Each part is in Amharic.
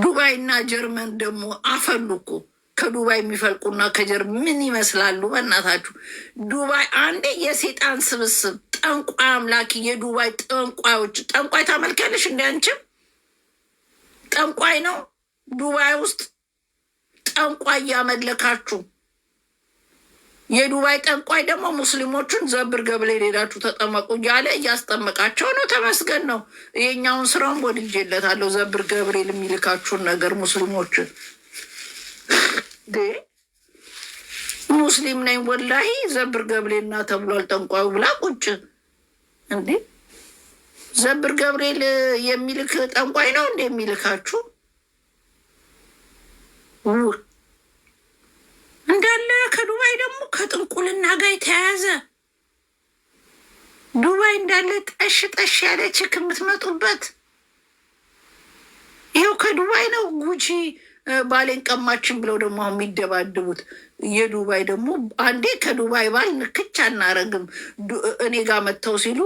ዱባይና ጀርመን ደግሞ አፈሉ እኮ ከዱባይ የሚፈልቁና ከጀርመን ምን ይመስላሉ? በእናታችሁ ዱባይ አንዴ የሴጣን ስብስብ ጠንቋይ አምላኪ የዱባይ ጠንቋዮች። ጠንቋይ ታመልካለሽ? እንደ አንቺም ጠንቋይ ነው ዱባይ ውስጥ ጠንቋይ እያመለካችሁ የዱባይ ጠንቋይ ደግሞ ሙስሊሞቹን ዘብር ገብለ ሄዳችሁ ተጠመቁ እያለ እያስጠመቃቸው ነው። ተመስገን ነው። የኛውን ስራውን ወድጄለታለሁ። ዘብር ገብርኤል የሚልካችሁን ነገር ሙስሊሞችን ሙስሊም ነኝ ወላሂ ዘብር ገብርኤልና ተብሏል። ጠንቋዩ ብላ ቁጭ እንዴ ዘብር ገብርኤል የሚልክ ጠንቋይ ነው እንደ የሚልካችሁ ያለ ጠሽ ጠሽ ያለ ችክ የምትመጡበት ይኸው ከዱባይ ነው። ጉቺ ባሌን ቀማችን ብለው ደግሞ አሁን የሚደባደቡት የዱባይ ደግሞ አንዴ ከዱባይ ባል ንክች አናረግም እኔ ጋር መጥተው ሲሉ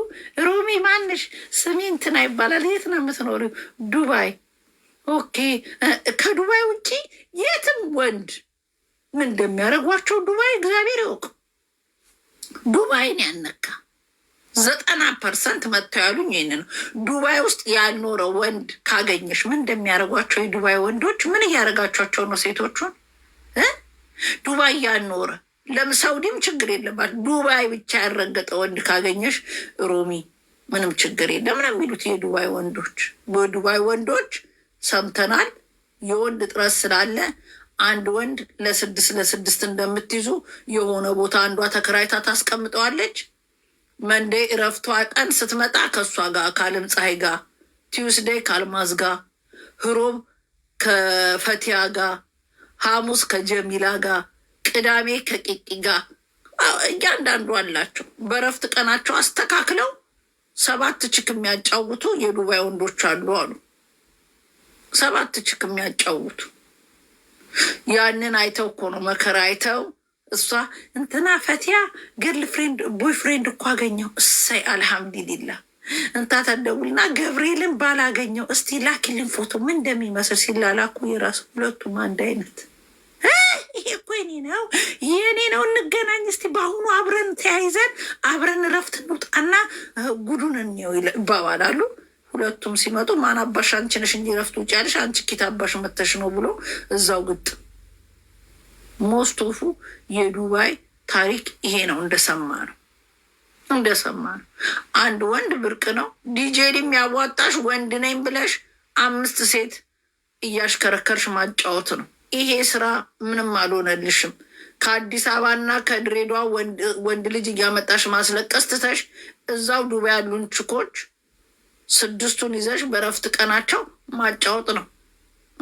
ሮሚ ማንሽ ስሚ እንትና ይባላል። የት ነው የምትኖሪው? ዱባይ። ኦኬ ከዱባይ ውጪ የትም ወንድ ምን እንደሚያደርጓቸው ዱባይ እግዚአብሔር ይወቅ ዱባይን ያነካ ዘጠና ፐርሰንት መጥተው ያሉኝ ይህን ነው። ዱባይ ውስጥ ያልኖረ ወንድ ካገኘሽ ምን እንደሚያደርጓቸው የዱባይ ወንዶች ምን እያደረጋቸቸው ነው ሴቶቹን ዱባይ ያልኖረ ለምሳውዲም ችግር የለባት። ዱባይ ብቻ ያረገጠ ወንድ ካገኘሽ ሮሚ ምንም ችግር የለም ነው የሚሉት የዱባይ ወንዶች። በዱባይ ወንዶች ሰምተናል። የወንድ እጥረት ስላለ አንድ ወንድ ለስድስት ለስድስት እንደምትይዙ የሆነ ቦታ አንዷ ተከራይታ ታስቀምጠዋለች። መንዴ እረፍቷ ቀን ስትመጣ ከእሷ ጋር ከአለም ፀሐይ ጋር፣ ቲዩስዴ ከአልማዝ ጋር፣ ህሮብ ከፈቲያ ጋር፣ ሐሙስ ከጀሚላ ጋር፣ ቅዳሜ ከቂቂ ጋር እያንዳንዱ አላቸው። በእረፍት ቀናቸው አስተካክለው ሰባት ችክ የሚያጫውቱ የዱባይ ወንዶች አሉ አሉ። ሰባት ችክ የሚያጫውቱ ያንን አይተው እኮ ነው መከራ አይተው እሷ እንትና ፈቲያ ገርል ፍሬንድ ቦይ ፍሬንድ እኮ አገኘው እሰይ አልሐምዱሊላ እንታ ተደውልና ገብርኤልን ባላገኘው እስቲ ላኪልን ፎቶ ምን እንደሚመስል ሲላላኩ የራሱ ሁለቱም አንድ አይነት ይሄ እኮ የኔ ነው የኔ ነው፣ እንገናኝ እስቲ በአሁኑ አብረን ተያይዘን አብረን እረፍት እንውጣና ጉዱን እንየው ይባባላሉ። ሁለቱም ሲመጡ ማን አባሽ አንቺ ነሽ እንጂ እረፍት ውጭ ያለሽ አንቺ ኪት አባሽ መተሽ ነው ብሎ እዛው ግጥ ሞስቶፉ የዱባይ ታሪክ ይሄ ነው። እንደሰማ ነው እንደሰማ ነው። አንድ ወንድ ብርቅ ነው። ዲጄድ የሚያዋጣሽ ወንድ ነኝ ብለሽ አምስት ሴት እያሽከረከርሽ ማጫወት ነው። ይሄ ስራ ምንም አልሆነልሽም። ከአዲስ አበባና ከድሬዳዋ ወንድ ልጅ እያመጣሽ ማስለቀስ ትተሽ እዛው ዱባይ ያሉን ችኮች ስድስቱን ይዘሽ በረፍት ቀናቸው ማጫወት ነው።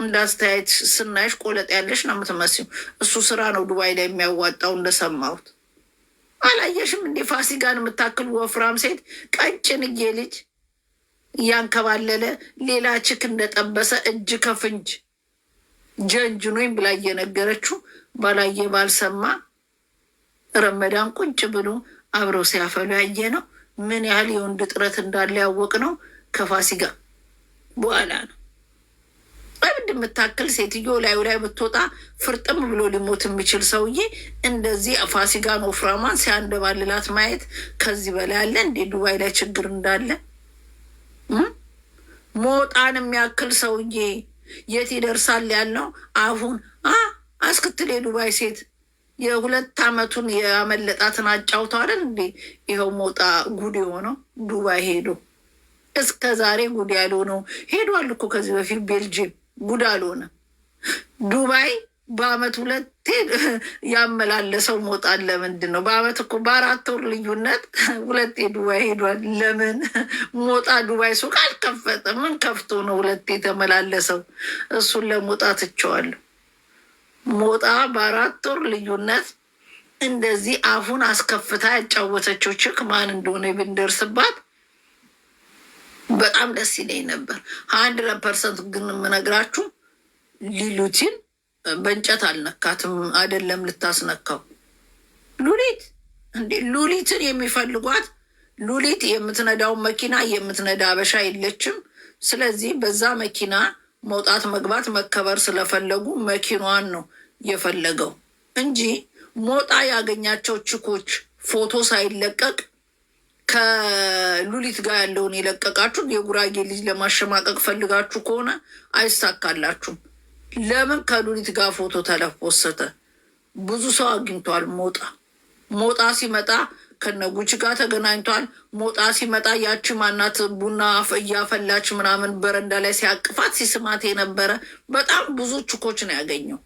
እንደ አስተያየት ስናይሽ ቆለጥ ያለሽ ነው የምትመስለው። እሱ ስራ ነው ዱባይ ላይ የሚያዋጣው እንደሰማሁት። አላየሽም እንዴ ፋሲካን የምታክል ወፍራም ሴት ቀጭንጌ ልጅ እያንከባለለ ሌላ ችክ እንደጠበሰ እጅ ከፍንጅ ጀንጅኖኝ ብላ እየነገረችው ባላየ ባልሰማ ረመዳን ቁጭ ብሎ አብረው ሲያፈሉ ያየ ነው። ምን ያህል የወንድ ጥረት እንዳለ ያወቅ ነው ከፋሲካ በኋላ ነው። የምታክል ሴትዮ ላዩ ላይ ብትወጣ ፍርጥም ብሎ ሊሞት የሚችል ሰውዬ እንደዚህ ፋሲካን ወፍራማን ሲያንደባልላት ማየት ከዚህ በላይ አለ እንዴ? ዱባይ ላይ ችግር እንዳለ ሞጣን የሚያክል ሰውዬ የት ይደርሳል ያለው አሁን አስክትሌ ዱባይ ሴት የሁለት አመቱን የመለጣትን አጫውተዋለን እንዴ? ይኸው ሞጣ ጉድ የሆነው ዱባይ ሄዶ እስከ ዛሬ ጉድ ያልሆነው ሄዷል እኮ ከዚህ በፊት ቤልጅየም ጉድ አልሆነ። ዱባይ በአመት ሁለቴ ያመላለሰው ሞጣን ለምንድን ነው? በአመት እኮ በአራት ወር ልዩነት ሁለቴ ዱባይ ሄዷል። ለምን ሞጣ ዱባይ ሱቅ አልከፈተ? ምን ከፍቶ ነው ሁለቴ የተመላለሰው? እሱን ለሞጣ ትቸዋለሁ። ሞጣ በአራት ወር ልዩነት እንደዚህ አፉን አስከፍታ ያጫወተችው ችክ ማን እንደሆነ ብንደርስባት በጣም ደስ ይለኝ ነበር። ሀንድረድ ፐርሰንት ግን የምነግራችሁ ሉሊትን በእንጨት አልነካትም። አይደለም ልታስነካው ሉሊት እንዴ ሉሊትን የሚፈልጓት ሉሊት የምትነዳውን መኪና የምትነዳ አበሻ የለችም። ስለዚህ በዛ መኪና መውጣት መግባት መከበር ስለፈለጉ መኪናዋን ነው የፈለገው እንጂ ሞጣ ያገኛቸው ችኮች ፎቶ ሳይለቀቅ ከሉሊት ጋር ያለውን የለቀቃችሁ የጉራጌ ልጅ ለማሸማቀቅ ፈልጋችሁ ከሆነ አይሳካላችሁም። ለምን ከሉሊት ጋር ፎቶ ተለፖሰተ? ብዙ ሰው አግኝቷል። ሞጣ ሞጣ ሲመጣ ከነጉች ጋር ተገናኝቷል። ሞጣ ሲመጣ ያቺ ማናት ቡና እያፈላች ምናምን በረንዳ ላይ ሲያቅፋት ሲስማት የነበረ በጣም ብዙ ችኮች ነው ያገኘው።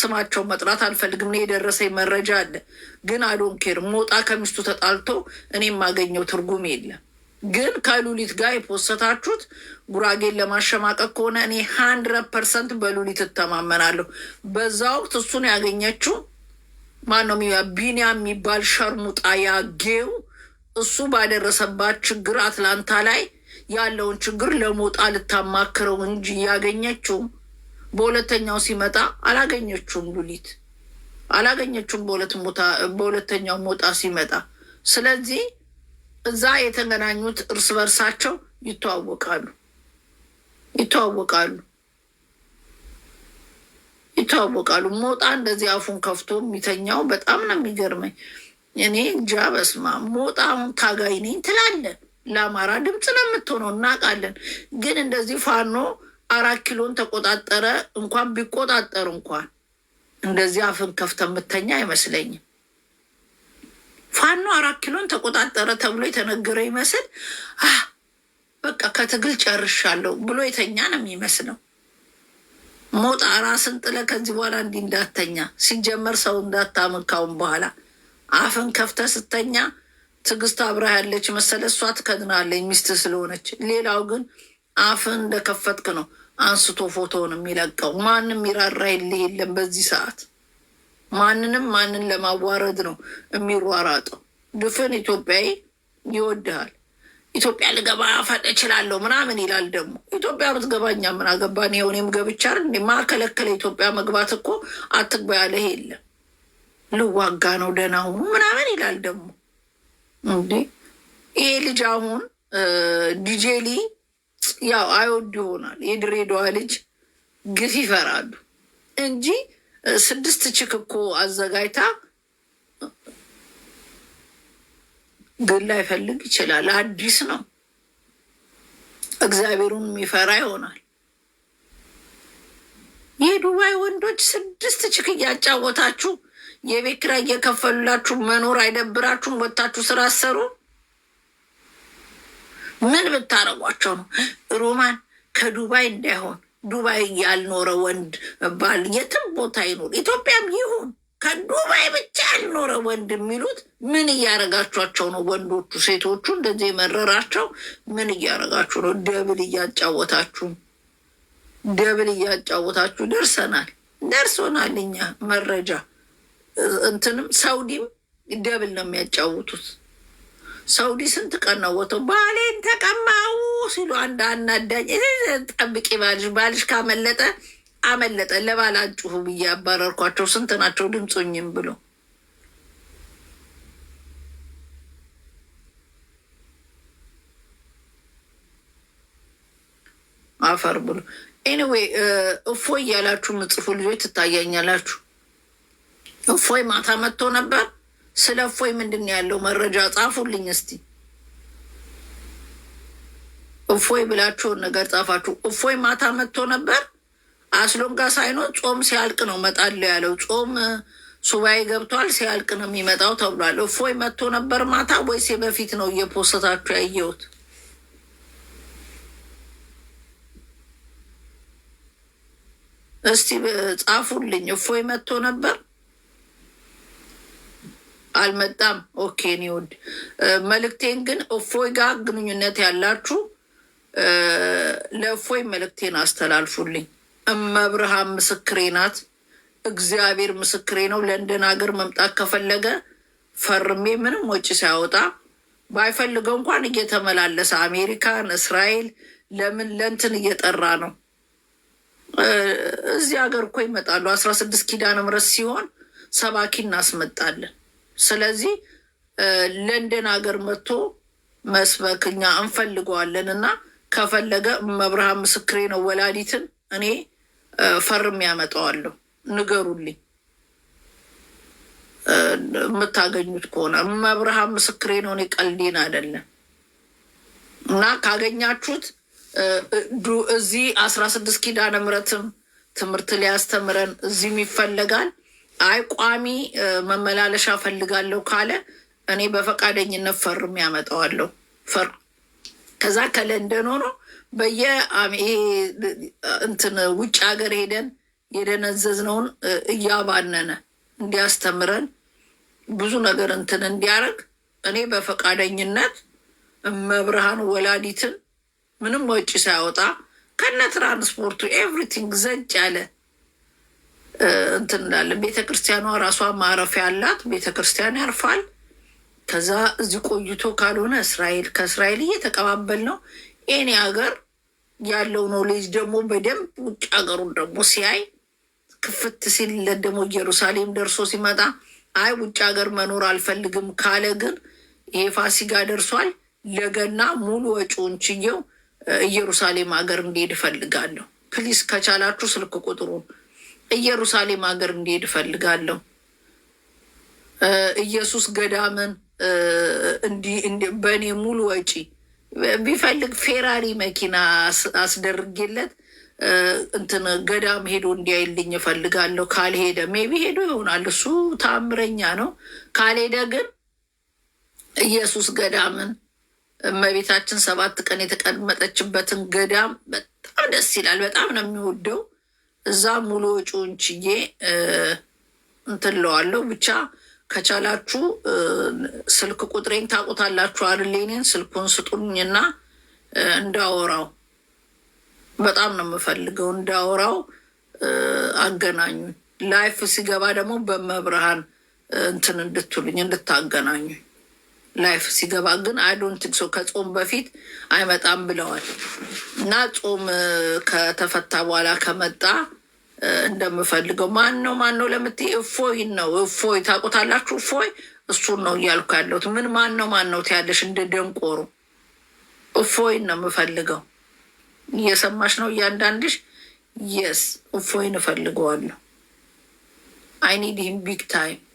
ስማቸውን መጥራት አልፈልግም። እኔ የደረሰኝ መረጃ አለ፣ ግን አዶንኬር ሞጣ ከሚስቱ ተጣልቶ እኔ የማገኘው ትርጉም የለም። ግን ከሉሊት ጋር የፖሰታችሁት ጉራጌን ለማሸማቀቅ ከሆነ እኔ ሀንድረድ ፐርሰንት በሉሊት እተማመናለሁ። በዛ ወቅት እሱን ያገኘችው ማነው? ቢኒያ የሚባል ሸርሙጣ ያጌው እሱ ባደረሰባት ችግር አትላንታ ላይ ያለውን ችግር ለሞጣ ልታማክረው እንጂ ያገኘችው በሁለተኛው ሲመጣ አላገኘችውም። ሉሊት አላገኘችውም በሁለተኛው ሞጣ ሲመጣ። ስለዚህ እዛ የተገናኙት እርስ በርሳቸው ይተዋወቃሉ ይተዋወቃሉ ይተዋወቃሉ። ሞጣ እንደዚህ አፉን ከፍቶ የሚተኛው በጣም ነው የሚገርመኝ። እኔ እንጃ በስማ ሞጣ አሁን ታጋይ ነኝ ትላለን። ለአማራ ድምፅ ነው የምትሆነው፣ እናውቃለን። ግን እንደዚህ ፋኖ አራት ኪሎን ተቆጣጠረ። እንኳን ቢቆጣጠር እንኳን እንደዚህ አፍን ከፍተ የምተኛ አይመስለኝም። ፋኖ አራት ኪሎን ተቆጣጠረ ተብሎ የተነገረ ይመስል በቃ ከትግል ጨርሻለሁ ብሎ የተኛ ነው የሚመስለው። ሞጣ ራስን ጥለ ከዚህ በኋላ እንዲህ እንዳተኛ ሲጀመር ሰው እንዳታምን ካሁን በኋላ አፍን ከፍተ ስተኛ ትዕግስት አብራ ያለች መሰለ እሷ ትከድናለች ሚስት ስለሆነች ሌላው ግን አፍን እንደከፈትክ ነው አንስቶ ፎቶውን የሚለቀው። ማንም ይራራ የለ የለም። በዚህ ሰዓት ማንንም ማንን ለማዋረድ ነው የሚሯራጠው። ድፍን ኢትዮጵያዊ ይወድሃል። ኢትዮጵያ ልገባ ፈጥ እችላለሁ ምናምን ይላል። ደግሞ ኢትዮጵያ ብትገባኛ ምን አገባን? የሆኔም ገብቻል ማከለከለ ኢትዮጵያ መግባት እኮ አትግባ ያለህ የለም። ልዋጋ ነው ደህና ሁኑ ምናምን ይላል። ደግሞ እንዴ ይሄ ልጅ አሁን ዲጄሊ ያው አይወዱ ይሆናል የድሬዳዋ ልጅ ግፍ ይፈራሉ እንጂ ስድስት ችክ እኮ አዘጋጅታ ግን ላይፈልግ ይችላል። አዲስ ነው። እግዚአብሔሩን የሚፈራ ይሆናል። የዱባይ ወንዶች ስድስት ችክ እያጫወታችሁ የቤት ኪራይ እየከፈሉላችሁ መኖር አይደብራችሁም? ወታችሁ ስራ አሰሩ። ምን ብታረጓቸው ነው? ሮማን ከዱባይ እንዳይሆን ዱባይ ያልኖረ ወንድ ባል የትም ቦታ ይኖሩ ኢትዮጵያም ይሁን ከዱባይ ብቻ ያልኖረ ወንድ የሚሉት ምን እያረጋችኋቸው ነው? ወንዶቹ ሴቶቹ እንደዚህ የመረራቸው ምን እያረጋችሁ ነው? ደብል እያጫወታችሁ ደብል እያጫወታችሁ ደርሰናል ደርሶናል። እኛ መረጃ እንትንም ሳውዲም ደብል ነው የሚያጫውቱት። ሳውዲ ስንት ቀን ነው ወጥቶ ባሌን ተቀማው ሲሉ አንድ አናዳኝ ጠብቂ ባልሽ ባልሽ ካመለጠ አመለጠ ለባል አንጩሁ ብዬ አባረርኳቸው። ስንት ናቸው ድምፆኝም ብሎ አፈር ብሎ ኤኒዌይ እፎይ እያላችሁ ምጽፉ ልጆች ትታያኛላችሁ። እፎይ ማታ መጥቶ ነበር ስለ እፎይ ምንድን ነው ያለው መረጃ ጻፉልኝ እስቲ። እፎይ ብላችሁን ነገር ጻፋችሁ። እፎይ ማታ መጥቶ ነበር አስሎንጋ ሳይኖ ጾም ሲያልቅ ነው መጣለው ያለው። ጾም ሱባኤ ገብቷል ሲያልቅ ነው የሚመጣው ተብሏል። እፎይ መጥቶ ነበር ማታ ወይስ በፊት ነው እየፖሰታችሁ ያየሁት? እስቲ ጻፉልኝ። እፎይ መጥቶ ነበር አልመጣም። ኦኬ እኔ ውድ መልእክቴን ግን እፎይ ጋር ግንኙነት ያላችሁ ለእፎይ መልእክቴን አስተላልፉልኝ። እመብርሃን ምስክሬ ናት። እግዚአብሔር ምስክሬ ነው። ለንደን ሀገር መምጣት ከፈለገ ፈርሜ ምንም ወጪ ሳያወጣ ባይፈልገው እንኳን እየተመላለሰ አሜሪካን፣ እስራኤል ለምን ለንትን እየጠራ ነው። እዚህ ሀገር እኮ ይመጣሉ። አስራ ስድስት ኪዳነ ምሕረት ሲሆን ሰባኪ እናስመጣለን። ስለዚህ ለንደን ሀገር መጥቶ መስበክ እኛ እንፈልገዋለን እና ከፈለገ መብርሃን ምስክሬ ነው። ወላዲትን እኔ ፈርም ያመጣዋለሁ። ንገሩልኝ የምታገኙት ከሆነ መብርሃን ምስክሬ ነው። እኔ ቀልዴን አይደለም። እና ካገኛችሁት እዚህ አስራ ስድስት ኪዳነ ምሕረትም ትምህርት ሊያስተምረን እዚህም ይፈለጋል። አይ ቋሚ መመላለሻ ፈልጋለሁ ካለ እኔ በፈቃደኝነት ፈርም ያመጣዋለሁ። ፈር ከዛ ከለንደን ሆኖ በየ እንትን ውጭ ሀገር ሄደን የደነዘዝነውን እያባነነ እንዲያስተምረን ብዙ ነገር እንትን እንዲያደርግ እኔ በፈቃደኝነት መብርሃን ወላዲትን ምንም ወጪ ሳያወጣ ከነ ትራንስፖርቱ ኤቭሪቲንግ ዘጭ ያለ እንትን እንላለን። ቤተ ክርስቲያኗ ራሷ ማረፊያ አላት። ቤተ ክርስቲያን ያርፋል። ከዛ እዚህ ቆይቶ ካልሆነ እስራኤል ከእስራኤል እየተቀባበል ነው። ይኔ ሀገር ያለው ነው። ልጅ ደግሞ በደንብ ውጭ ሀገሩን ደግሞ ሲያይ ክፍት ሲለት ደግሞ ኢየሩሳሌም ደርሶ ሲመጣ አይ ውጭ ሀገር መኖር አልፈልግም ካለ ግን ይሄ ፋሲጋ ደርሷል። ለገና ሙሉ ወጪውን ችየው ኢየሩሳሌም ሀገር እንዲሄድ እፈልጋለሁ። ፕሊስ ከቻላችሁ ስልክ ቁጥሩን ኢየሩሳሌም ሀገር እንዲሄድ እፈልጋለሁ። ኢየሱስ ገዳምን በእኔ ሙሉ ወጪ ቢፈልግ ፌራሪ መኪና አስደርጌለት እንትን ገዳም ሄዶ እንዲያይልኝ እፈልጋለሁ። ካልሄደ ሜቢ ሄዶ ይሆናል እሱ ታምረኛ ነው። ካልሄደ ግን ኢየሱስ ገዳምን እመቤታችን ሰባት ቀን የተቀመጠችበትን ገዳም በጣም ደስ ይላል። በጣም ነው የሚወደው እዛ ሙሉ ወጪውን ችዬ እንትለዋለው ብቻ ከቻላችሁ ስልክ ቁጥሬን ታውቁታላችሁ አይደል? ስልኩን ስጡኝና እንዳወራው በጣም ነው የምፈልገው። እንዳወራው አገናኙ። ላይፍ ሲገባ ደግሞ በመብርሃን እንትን እንድትሉኝ እንድታገናኙ። ላይፍ ሲገባ ግን አይ ሶ ከጾም በፊት አይመጣም ብለዋል። እና ጾም ከተፈታ በኋላ ከመጣ እንደምፈልገው ማን ነው ማን ነው ለምትይ እፎይ ነው። እፎይ ታውቁታላችሁ። እፎይ እሱን ነው እያልኩ ያለሁት። ምን ማን ነው ማን ነው ትያለሽ እንደ ደንቆሩ። እፎይ ነው የምፈልገው። እየሰማሽ ነው እያንዳንድሽ። የስ እፎይን እፈልገዋለሁ። አይኒድ ሂም ቢግ ታይም